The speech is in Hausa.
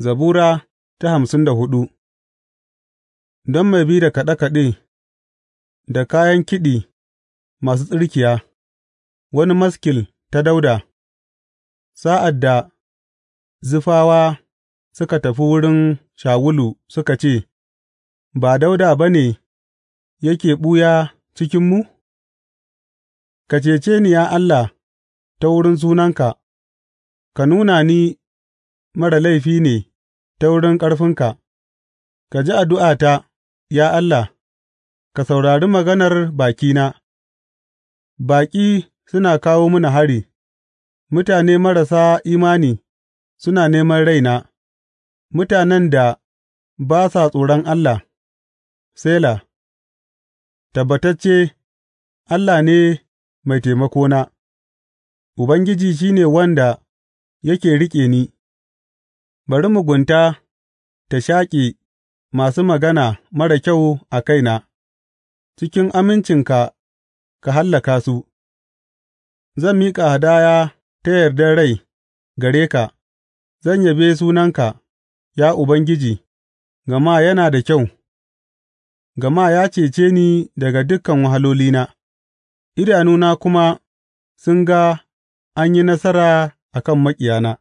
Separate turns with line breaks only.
Zabura ta hamsin da hudu Don mai bi da kaɗe kaɗe da kayan kiɗi masu tsirkiya, wani maskil ta Dauda, sa'ad da zufawa suka tafi wurin Shawulu suka ce, Ba Dauda ba ne yake ɓuya cikinmu? Ka cece ni, ya Allah, ta wurin sunanka; ka nuna ni mara laifi ne. ta wurin ƙarfinka; ka ji addu'ata, ya Allah, ka saurari maganar bakina Baƙi suna kawo mini hari, mutane marasa imani suna neman raina, mutanen da ba sa tsoron Allah, Sela Tabbatacce Allah ne mai taimakona; Ubangiji shi ne wanda yake riƙe ni. Bari mugunta ta shaƙi masu magana mara kyau a kaina; cikin amincinka ka hallaka su, zan miƙa hadaya ta yardar rai gare ka; zan yabe sunanka, ya Ubangiji, gama yana da kyau, gama ya cece ni daga dukan wahalolina, idanuna kuma sun ga an yi nasara a kan maƙiyana.